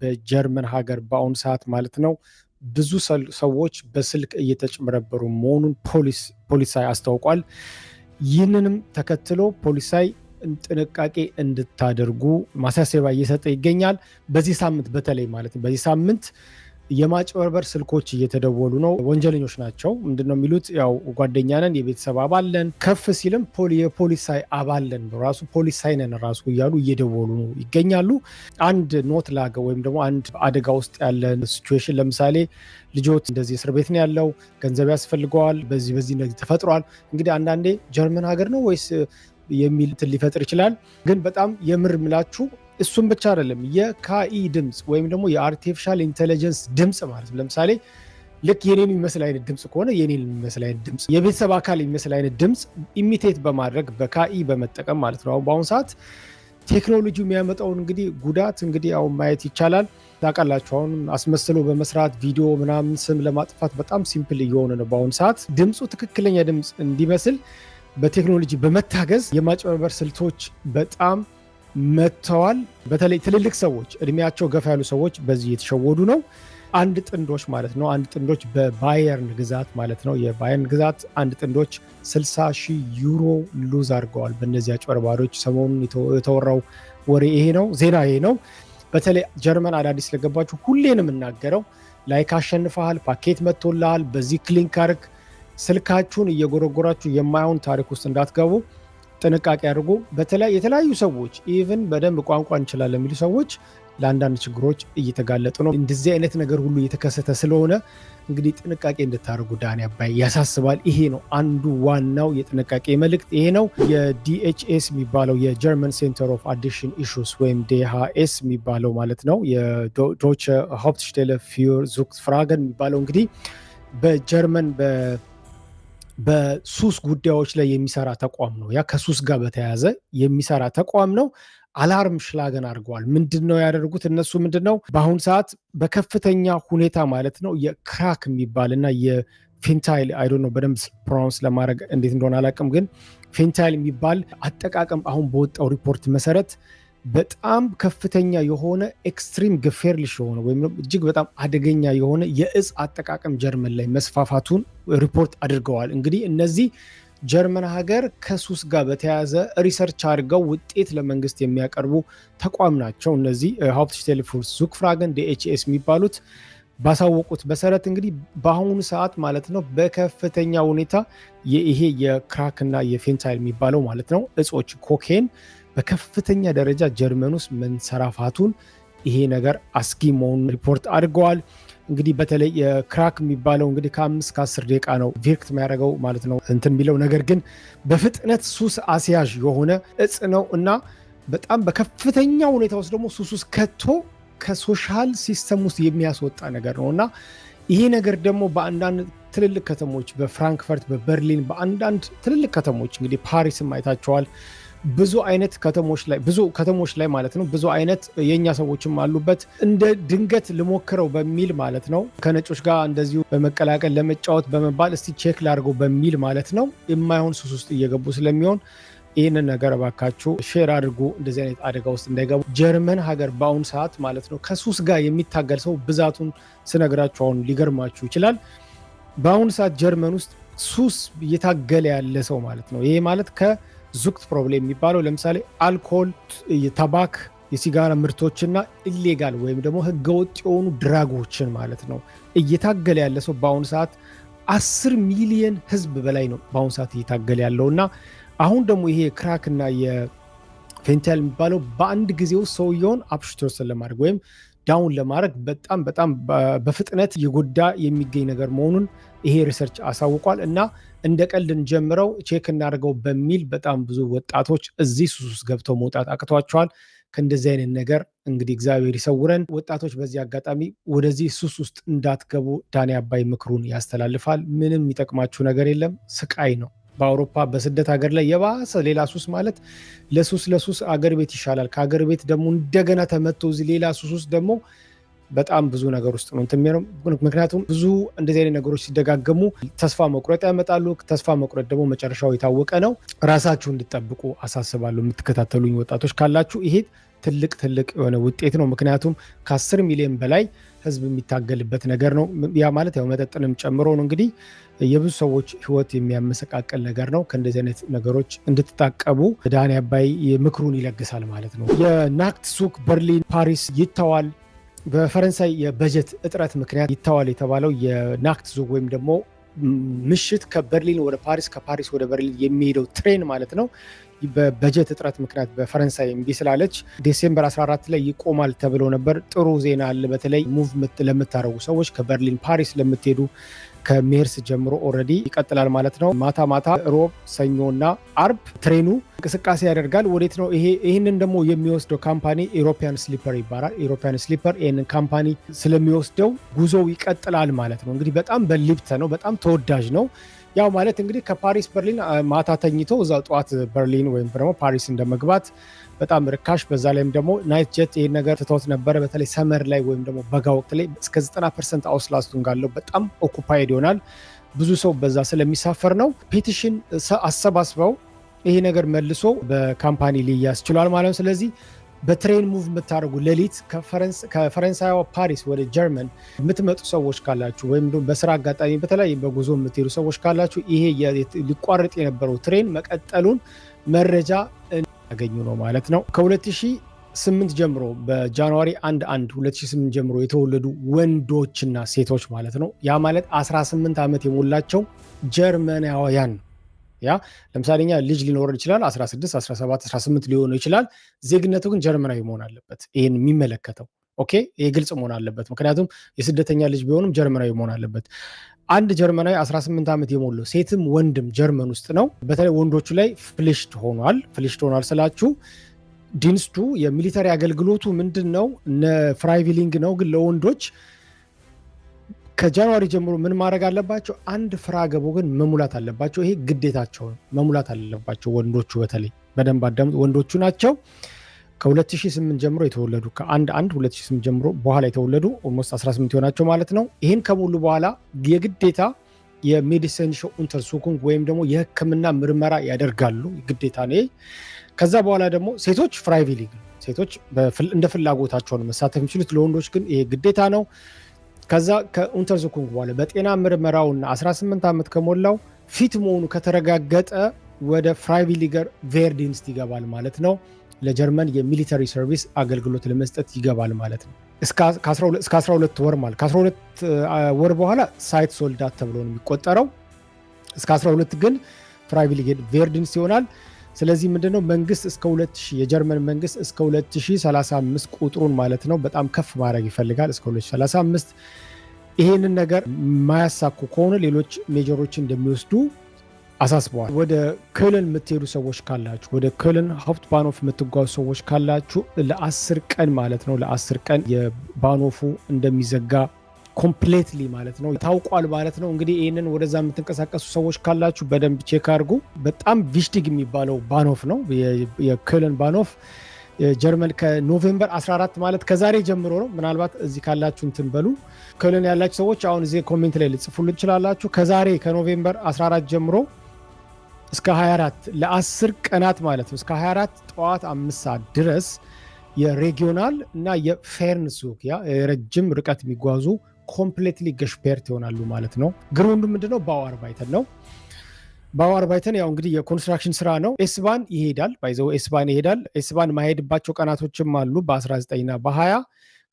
በጀርመን ሀገር በአሁኑ ሰዓት ማለት ነው ብዙ ሰዎች በስልክ እየተጭበረበሩ መሆኑን ፖሊሳይ አስታውቋል። ይህንንም ተከትሎ ፖሊሳይ ጥንቃቄ እንድታደርጉ ማሳሰቢያ እየሰጠ ይገኛል። በዚህ ሳምንት በተለይ ማለት በዚህ ሳምንት የማጭበርበር ስልኮች እየተደወሉ ነው። ወንጀለኞች ናቸው ምንድን ነው የሚሉት? ያው ነን፣ የቤተሰብ አባለን ከፍ ሲልም የፖሊሳይ አባለን ራሱ ፖሊሳይነን ራሱ እያሉ እየደወሉ ይገኛሉ። አንድ ኖት ላገ ወይም ደግሞ አንድ አደጋ ውስጥ ያለ ሲቹዌሽን ለምሳሌ ልጆት እንደዚህ እስር ቤት ነው ያለው፣ ገንዘብ ያስፈልገዋል፣ በዚህ በዚህ እንደዚህ ተፈጥሯል። እንግዲህ አንዳንዴ ጀርመን ሀገር ነው ወይስ የሚል እንትን ሊፈጥር ይችላል። ግን በጣም የምር ምላችሁ እሱም ብቻ አይደለም፣ የካኢ ድምፅ ወይም ደግሞ የአርቲፊሻል ኢንቴሊጀንስ ድምፅ ማለት ነው። ለምሳሌ ልክ የኔ የሚመስል አይነት ድምፅ ከሆነ የኔ የሚመስል አይነት ድምፅ፣ የቤተሰብ አካል የሚመስል አይነት ድምፅ ኢሚቴት በማድረግ በካኢ በመጠቀም ማለት ነው። አሁን በአሁኑ ሰዓት ቴክኖሎጂ የሚያመጣውን እንግዲህ ጉዳት እንግዲህ አሁን ማየት ይቻላል። ታውቃላችሁ አሁን አስመስሎ በመስራት ቪዲዮ ምናምን ስም ለማጥፋት በጣም ሲምፕል እየሆነ ነው። በአሁኑ ሰዓት ድምፁ ትክክለኛ ድምፅ እንዲመስል በቴክኖሎጂ በመታገዝ የማጭበርበር ስልቶች በጣም መጥተዋል። በተለይ ትልልቅ ሰዎች እድሜያቸው ገፋ ያሉ ሰዎች በዚህ የተሸወዱ ነው። አንድ ጥንዶች ማለት ነው። አንድ ጥንዶች በባየርን ግዛት ማለት ነው። የባየርን ግዛት አንድ ጥንዶች 60 ሺህ ዩሮ ሉዝ አድርገዋል። በእነዚያ አጭበርባሪዎች ሰሞኑን የተወራው ወሬ ይሄ ነው። ዜና ይሄ ነው። በተለይ ጀርመን አዳዲስ ለገባችሁ ሁሌን የምናገረው ላይክ አሸንፈሃል፣ ፓኬት መጥቶልሃል፣ በዚህ ክሊንክ አርግ፣ ስልካችሁን እየጎረጎራችሁ የማይሆን ታሪክ ውስጥ እንዳትገቡ። ጥንቃቄ አድርጎ የተለያዩ ሰዎች ኢቭን በደንብ ቋንቋ እንችላለን የሚሉ ሰዎች ለአንዳንድ ችግሮች እየተጋለጡ ነው። እንደዚህ አይነት ነገር ሁሉ እየተከሰተ ስለሆነ እንግዲህ ጥንቃቄ እንድታደርጉ ዳኒ አባይ ያሳስባል። ይሄ ነው አንዱ ዋናው የጥንቃቄ መልእክት፣ ይሄ ነው የዲኤችኤስ የሚባለው የጀርመን ሴንተር ኦፍ አዲሽን ኢሹስ ወይም ዴሃኤስ የሚባለው ማለት ነው። የዶቸ ሃፕትሽቴለ ፊር ዙክት ፍራገን የሚባለው እንግዲህ በጀርመን በሱስ ጉዳዮች ላይ የሚሰራ ተቋም ነው። ያ ከሱስ ጋር በተያያዘ የሚሰራ ተቋም ነው። አላርም ሽላገን አድርገዋል። ምንድን ነው ያደርጉት እነሱ ምንድን ነው በአሁኑ ሰዓት በከፍተኛ ሁኔታ ማለት ነው የክራክ የሚባል እና ፌንታይል አይዶ ነው በደንብ ፕሮናውንስ ለማድረግ እንዴት እንደሆነ አላውቅም፣ ግን ፌንታይል የሚባል አጠቃቀም አሁን በወጣው ሪፖርት መሰረት በጣም ከፍተኛ የሆነ ኤክስትሪም ግፌርልሽ የሆነ ወይም እጅግ በጣም አደገኛ የሆነ የእጽ አጠቃቀም ጀርመን ላይ መስፋፋቱን ሪፖርት አድርገዋል። እንግዲህ እነዚህ ጀርመን ሀገር ከሱስ ጋር በተያያዘ ሪሰርች አድርገው ውጤት ለመንግስት የሚያቀርቡ ተቋም ናቸው። እነዚህ ሀብትሽቴል ፉርስ ዙክፍራገን ዲኤችኤስ የሚባሉት ባሳወቁት መሰረት እንግዲህ በአሁኑ ሰዓት ማለት ነው በከፍተኛ ሁኔታ ይሄ የክራክና የፌንታይል የሚባለው ማለት ነው እጾች ኮኬን በከፍተኛ ደረጃ ጀርመን ውስጥ መንሰራፋቱን ይሄ ነገር አስጊ መሆኑን ሪፖርት አድርገዋል። እንግዲህ በተለይ የክራክ የሚባለው እንግዲህ ከአምስት ከአስር ደቂቃ ነው ቪርክት የሚያደርገው ማለት ነው እንትን የሚለው ነገር ግን በፍጥነት ሱስ አስያዥ የሆነ እጽ ነው እና በጣም በከፍተኛ ሁኔታ ውስጥ ደግሞ ሱስ ውስጥ ከቶ ከሶሻል ሲስተም ውስጥ የሚያስወጣ ነገር ነው እና ይሄ ነገር ደግሞ በአንዳንድ ትልልቅ ከተሞች በፍራንክፈርት፣ በበርሊን፣ በአንዳንድ ትልልቅ ከተሞች እንግዲህ ፓሪስም አይታቸዋል ብዙ አይነት ከተሞች ላይ ብዙ ከተሞች ላይ ማለት ነው ብዙ አይነት የእኛ ሰዎችም አሉበት። እንደ ድንገት ልሞክረው በሚል ማለት ነው ከነጮች ጋር እንደዚሁ በመቀላቀል ለመጫወት በመባል እስቲ ቼክ ላድርገው በሚል ማለት ነው የማይሆን ሱስ ውስጥ እየገቡ ስለሚሆን ይህንን ነገር እባካችሁ ሼር አድርጉ፣ እንደዚህ አይነት አደጋ ውስጥ እንዳይገቡ። ጀርመን ሀገር በአሁኑ ሰዓት ማለት ነው ከሱስ ጋር የሚታገል ሰው ብዛቱን ስነግራችሁ አሁን ሊገርማችሁ ይችላል። በአሁኑ ሰዓት ጀርመን ውስጥ ሱስ እየታገለ ያለ ሰው ማለት ነው ይሄ ማለት ከ ዙክት ፕሮብሌም የሚባለው ለምሳሌ አልኮል፣ የታባክ የሲጋራ ምርቶችና ኢሌጋል ወይም ደግሞ ህገወጥ የሆኑ ድራጎችን ማለት ነው እየታገለ ያለ ሰው በአሁኑ ሰዓት አስር ሚሊየን ህዝብ በላይ ነው በአሁኑ ሰዓት እየታገለ ያለው እና አሁን ደግሞ ይሄ ክራክና የፌንታል የሚባለው በአንድ ጊዜ ውስጥ ሰውየውን አፕሽቶስን ለማድረግ ወይም ዳውን ለማድረግ በጣም በጣም በፍጥነት የጎዳ የሚገኝ ነገር መሆኑን ይሄ ሪሰርች አሳውቋል። እና እንደ ቀልድ እንጀምረው ቼክ እናደርገው በሚል በጣም ብዙ ወጣቶች እዚህ ሱስ ውስጥ ገብተው መውጣት አቅቷቸዋል። ከእንደዚህ አይነት ነገር እንግዲህ እግዚአብሔር ይሰውረን። ወጣቶች በዚህ አጋጣሚ ወደዚህ ሱስ ውስጥ እንዳትገቡ ዳኔ አባይ ምክሩን ያስተላልፋል። ምንም የሚጠቅማችሁ ነገር የለም፣ ስቃይ ነው። በአውሮፓ በስደት ሀገር ላይ የባሰ ሌላ ሱስ ማለት ለሱስ ለሱስ አገር ቤት ይሻላል። ከአገር ቤት ደግሞ እንደገና ተመቶ እዚህ ሌላ ሱስ ውስጥ ደግሞ በጣም ብዙ ነገር ውስጥ ነው እንትን ምክንያቱም ብዙ እንደዚህ አይነት ነገሮች ሲደጋገሙ ተስፋ መቁረጥ ያመጣሉ። ተስፋ መቁረጥ ደግሞ መጨረሻው የታወቀ ነው። ራሳችሁ እንድጠብቁ አሳስባለሁ። የምትከታተሉኝ ወጣቶች ካላችሁ ይሄ ትልቅ ትልቅ የሆነ ውጤት ነው። ምክንያቱም ከአስር ሚሊዮን በላይ ህዝብ የሚታገልበት ነገር ነው። ያ ማለት ያው መጠጥንም ጨምሮ ነው። እንግዲህ የብዙ ሰዎች ህይወት የሚያመሰቃቀል ነገር ነው። ከእንደዚህ አይነት ነገሮች እንድትታቀቡ ዳኒ አባይ ምክሩን ይለግሳል ማለት ነው። የናክት ሱክ በርሊን፣ ፓሪስ ይተዋል። በፈረንሳይ የበጀት እጥረት ምክንያት ይተዋል የተባለው የናክት ዙ ወይም ደግሞ ምሽት ከበርሊን ወደ ፓሪስ ከፓሪስ ወደ በርሊን የሚሄደው ትሬን ማለት ነው በበጀት እጥረት ምክንያት በፈረንሳይ እምቢ ስላለች ዴሴምበር 14 ላይ ይቆማል ተብሎ ነበር። ጥሩ ዜና አለ። በተለይ ሙቭ ለምታደርጉ ሰዎች ከበርሊን ፓሪስ ለምትሄዱ ከሜርስ ጀምሮ ኦልሬዲ ይቀጥላል ማለት ነው። ማታ ማታ ሮብ፣ ሰኞና አርብ ትሬኑ እንቅስቃሴ ያደርጋል። ወዴት ነው ይሄ? ይህንን ደግሞ የሚወስደው ካምፓኒ ኢሮፒያን ስሊፐር ይባላል። ኢሮፒያን ስሊፐር ይህንን ካምፓኒ ስለሚወስደው ጉዞው ይቀጥላል ማለት ነው። እንግዲህ በጣም በሊብተ ነው፣ በጣም ተወዳጅ ነው። ያው ማለት እንግዲህ ከፓሪስ በርሊን ማታ ተኝቶ እዛው ጠዋት በርሊን ወይም ደግሞ ፓሪስ እንደመግባት በጣም ርካሽ። በዛ ላይም ደግሞ ናይት ጀት ይህን ነገር ትተውት ነበረ። በተለይ ሰመር ላይ ወይም ደግሞ በጋ ወቅት ላይ እስከ 90 ፐርሰንት አውስላስቱን ጋለው በጣም ኦኩፓይድ ይሆናል። ብዙ ሰው በዛ ስለሚሳፈር ነው። ፔቲሽን አሰባስበው ይሄ ነገር መልሶ በካምፓኒ ሊያዝ ችሏል ማለት ነው። ስለዚህ በትሬን ሙቭ የምታደርጉ ሌሊት ከፈረንሳይዋ ፓሪስ ወደ ጀርመን የምትመጡ ሰዎች ካላችሁ ወይም በስራ አጋጣሚ በተለያየ በጉዞ የምትሄዱ ሰዎች ካላችሁ ይሄ ሊቋረጥ የነበረው ትሬን መቀጠሉን መረጃ ያገኙ ነው ማለት ነው። ከ2008 ጀምሮ በጃንዋሪ 1 1 2008 ጀምሮ የተወለዱ ወንዶችና ሴቶች ማለት ነው። ያ ማለት 18 ዓመት የሞላቸው ጀርመናውያን ያ ለምሳሌ ልጅ ሊኖር ይችላል 16፣ 17፣ 18 ሊሆኑ ይችላል። ዜግነቱ ግን ጀርመናዊ መሆን አለበት። ይህን የሚመለከተው ኦኬ ይሄ ግልጽ መሆን አለበት። ምክንያቱም የስደተኛ ልጅ ቢሆንም ጀርመናዊ መሆን አለበት። አንድ ጀርመናዊ 18 ዓመት የሞላው ሴትም ወንድም ጀርመን ውስጥ ነው። በተለይ ወንዶቹ ላይ ፍሊሽት ሆኗል። ፍሊሽት ሆኗል ስላችሁ ዲንስቱ የሚሊተሪ አገልግሎቱ ምንድን ነው? ፍራይቪሊንግ ነው። ግን ለወንዶች ከጃንዋሪ ጀምሮ ምን ማድረግ አለባቸው? አንድ ፍራ ገቦ ግን መሙላት አለባቸው። ይሄ ግዴታቸው መሙላት አለባቸው። ወንዶቹ በተለይ በደንብ አዳምጡ፣ ወንዶቹ ናቸው። ከ2008 ጀምሮ የተወለዱ ከአንድ 1 2008 ጀምሮ በኋላ የተወለዱ ኦልሞስት 18 የሆናቸው ማለት ነው። ይህን ከሞሉ በኋላ የግዴታ የሜዲሲን ሾው ኢንተርሱኩንግ ወይም ደግሞ የህክምና ምርመራ ያደርጋሉ ግዴታ ነው። ከዛ በኋላ ደግሞ ሴቶች ፍራይቪሊግ ሴቶች እንደ ፍላጎታቸው ነው መሳተፍ የሚችሉት፣ ለወንዶች ግን ይሄ ግዴታ ነው። ከዛ ከኢንተርሱኩንግ በኋላ በጤና ምርመራውና 18 ዓመት ከሞላው ፊት መሆኑ ከተረጋገጠ ወደ ፍራይቪሊገር ቬርዲንስት ይገባል ማለት ነው። ለጀርመን የሚሊተሪ ሰርቪስ አገልግሎት ለመስጠት ይገባል ማለት ነው። እስከ 12 ወር ማለት ከ12 ወር በኋላ ሳይት ሶልዳት ተብሎ ነው የሚቆጠረው። እስከ 12 ግን ፍራይቪሊጌድ ቬርድንስ ይሆናል። ስለዚህ ምንድነው መንግስት እስከ 2000 የጀርመን መንግስት እስከ 2035 ቁጥሩን ማለት ነው በጣም ከፍ ማድረግ ይፈልጋል። እስከ 2035 ይሄንን ነገር ማያሳኩ ከሆነ ሌሎች ሜጀሮች እንደሚወስዱ አሳስበዋል። ወደ ከልን የምትሄዱ ሰዎች ካላችሁ ወደ ከልን ሀብት ባኖፍ የምትጓዙ ሰዎች ካላችሁ ለአስር ቀን ማለት ነው ለአስር ቀን የባኖፉ እንደሚዘጋ ኮምፕሌትሊ ማለት ነው ታውቋል ማለት ነው። እንግዲህ ይህንን ወደዛ የምትንቀሳቀሱ ሰዎች ካላችሁ በደንብ ቼክ አድርጉ። በጣም ቪሽዲግ የሚባለው ባኖፍ ነው የከልን ባኖፍ ጀርመን ከኖቬምበር 14 ማለት ከዛሬ ጀምሮ ነው። ምናልባት እዚህ ካላችሁ እንትን በሉ ከልን ያላችሁ ሰዎች አሁን እዚህ ኮሜንት ላይ ልጽፉልን ትችላላችሁ። ከዛሬ ከኖቬምበር 14 ጀምሮ እስከ 24 ለ10 ቀናት ማለት ነው። እስከ 24 ጠዋት አምስት ሰዓት ድረስ የሬጊዮናል እና የፌርንሱክ ያ የረጅም ርቀት የሚጓዙ ኮምፕሌትሊ ገሽፔርት ይሆናሉ ማለት ነው። ግሩንዱ ምንድነው? በአዋርባይተን ነው። በአዋርባይተን ያው እንግዲህ የኮንስትራክሽን ስራ ነው። ኤስባን ይሄዳል ባይዘው ኤስባን ይሄዳል። ኤስባን ማሄድባቸው ቀናቶችም አሉ በ19ና በ20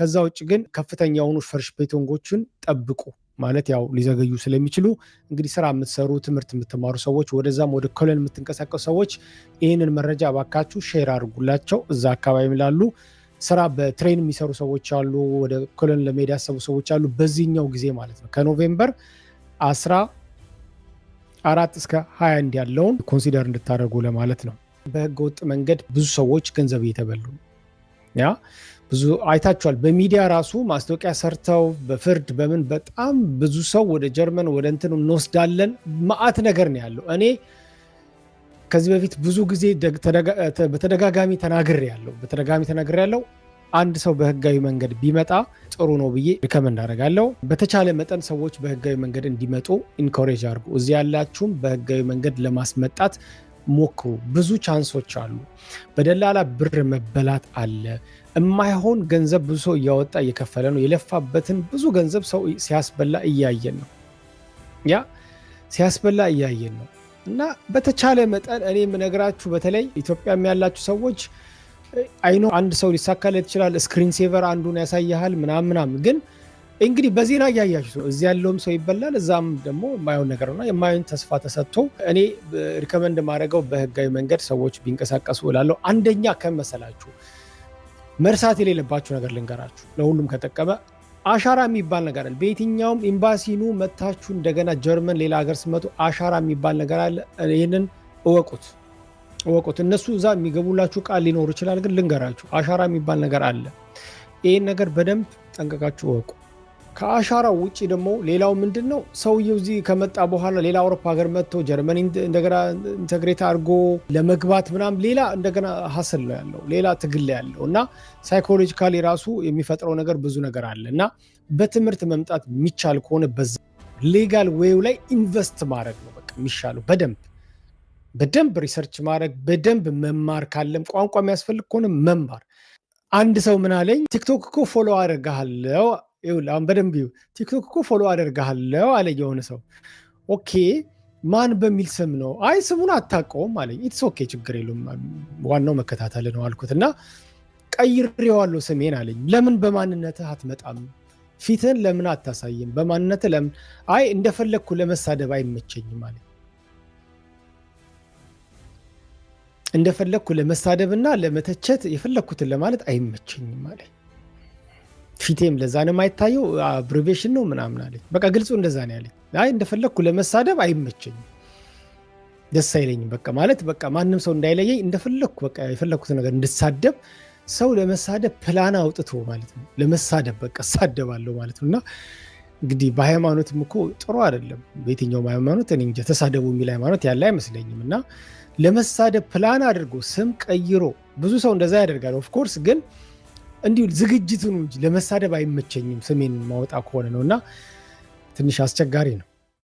ከዛ ውጭ ግን ከፍተኛ የሆኑ ፈርሽ ቤቶንጎችን ጠብቁ። ማለት ያው ሊዘገዩ ስለሚችሉ እንግዲህ ስራ የምትሰሩ ትምህርት የምትማሩ ሰዎች ወደዛም ወደ ኮሎን የምትንቀሳቀሱ ሰዎች ይህንን መረጃ እባካችሁ ሼር አድርጉላቸው። እዛ አካባቢ ላሉ ስራ በትሬን የሚሰሩ ሰዎች አሉ፣ ወደ ኮሎን ለመሄድ ያሰቡ ሰዎች አሉ። በዚህኛው ጊዜ ማለት ነው ከኖቬምበር አስራ አራት እስከ 21 ያለውን ኮንሲደር እንድታደርጉ ለማለት ነው። በህገ ወጥ መንገድ ብዙ ሰዎች ገንዘብ እየተበሉ ያ ብዙ አይታችኋል። በሚዲያ ራሱ ማስታወቂያ ሰርተው በፍርድ በምን በጣም ብዙ ሰው ወደ ጀርመን ወደ እንትን እንወስዳለን ማአት ነገር ነው ያለው። እኔ ከዚህ በፊት ብዙ ጊዜ በተደጋጋሚ ተናግር ያለው በተደጋጋሚ ተናግር ያለው አንድ ሰው በህጋዊ መንገድ ቢመጣ ጥሩ ነው ብዬ ሪከመንድ አደርጋለሁ። በተቻለ መጠን ሰዎች በህጋዊ መንገድ እንዲመጡ ኢንኮሬጅ አድርጉ። እዚህ ያላችሁም በህጋዊ መንገድ ለማስመጣት ሞክሩ። ብዙ ቻንሶች አሉ። በደላላ ብር መበላት አለ። የማይሆን ገንዘብ ብዙ ሰው እያወጣ እየከፈለ ነው። የለፋበትን ብዙ ገንዘብ ሰው ሲያስበላ እያየን ነው። ያ ሲያስበላ እያየን ነው እና በተቻለ መጠን እኔ የምነግራችሁ በተለይ ኢትዮጵያም ያላችሁ ሰዎች አይኖ አንድ ሰው ሊሳካለት ይችላል። ስክሪን ሴቨር አንዱን ያሳይሃል ምናምን ምናምን። ግን እንግዲህ በዜና እያያችሁ ነው። እዚህ ያለውም ሰው ይበላል፣ እዛም ደግሞ የማይሆን ነገር ነው። የማይሆን ተስፋ ተሰጥቶ እኔ ሪከመንድ ማድረገው በህጋዊ መንገድ ሰዎች ቢንቀሳቀሱ እላለሁ። አንደኛ ከመሰላችሁ መርሳት የሌለባችሁ ነገር ልንገራችሁ፣ ለሁሉም ከጠቀመ አሻራ የሚባል ነገር አለ። በየትኛውም ኤምባሲኑ መታችሁ እንደገና ጀርመን፣ ሌላ ሀገር ስትመጡ አሻራ የሚባል ነገር አለ። ይህንን እወቁት እወቁት። እነሱ እዛ የሚገቡላችሁ ቃል ሊኖሩ ይችላል፣ ግን ልንገራችሁ፣ አሻራ የሚባል ነገር አለ። ይህን ነገር በደንብ ጠንቀቃችሁ እወቁ። ከአሻራው ውጭ ደግሞ ሌላው ምንድን ነው ሰውየው እዚህ ከመጣ በኋላ ሌላ አውሮፓ ሀገር መጥቶ ጀርመኒ እንደገና ኢንተግሬት አድርጎ ለመግባት ምናም ሌላ እንደገና ሀስል ነው ያለው፣ ሌላ ትግል ላይ ያለው እና ሳይኮሎጂካሊ ራሱ የሚፈጥረው ነገር ብዙ ነገር አለ እና በትምህርት መምጣት የሚቻል ከሆነ በዛ ሌጋል ዌው ላይ ኢንቨስት ማድረግ ነው በቃ የሚሻለው። በደንብ በደንብ ሪሰርች ማድረግ በደንብ መማር፣ ካለም ቋንቋ የሚያስፈልግ ከሆነ መማር። አንድ ሰው ምን አለኝ፣ ቲክቶክ እኮ ፎሎ አደርግሃለሁ ይኸውልህ አሁን በደንብ ቲክቶክ እኮ ፎሎ አደርግሃለሁ አለ የሆነ ሰው። ኦኬ ማን በሚል ስም ነው? አይ ስሙን አታውቀውም አለኝ። ኢትስ ኦኬ ችግር የለውም ዋናው መከታተል ነው አልኩት እና ቀይሬዋለሁ ስሜን አለኝ። ለምን በማንነትህ አትመጣም? ፊትህን ለምን አታሳይም? በማንነት ለምን? አይ እንደፈለግኩ ለመሳደብ አይመቸኝም አለ እንደፈለግኩ ለመሳደብና ለመተቸት የፈለግኩትን ለማለት አይመቸኝም አለኝ። ፊቴም ለዛ ነው የማይታየው፣ አብሬቬሽን ነው ምናምን አለኝ። በቃ ግልጹ እንደዛ ነው ያለኝ። አይ እንደፈለግኩ ለመሳደብ አይመቸኝም፣ ደስ አይለኝም። በቃ ማለት በቃ ማንም ሰው እንዳይለየኝ እንደፈለግኩ በቃ የፈለግኩት ነገር እንድሳደብ ሰው ለመሳደብ ፕላን አውጥቶ ማለት ነው ለመሳደብ በቃ እሳደባለሁ ማለት ነው። እና እንግዲህ በሃይማኖትም እኮ ጥሩ አይደለም። በየትኛውም ሃይማኖት እኔ እንጃ ተሳደቡ የሚል ሃይማኖት ያለ አይመስለኝም። እና ለመሳደብ ፕላን አድርጎ ስም ቀይሮ ብዙ ሰው እንደዛ ያደርጋል ኦፍኮርስ ግን እንዲሁ ዝግጅቱ ነው እንጂ ለመሳደብ አይመቸኝም ስሜን ማወጣ ከሆነ ነው እና ትንሽ አስቸጋሪ ነው።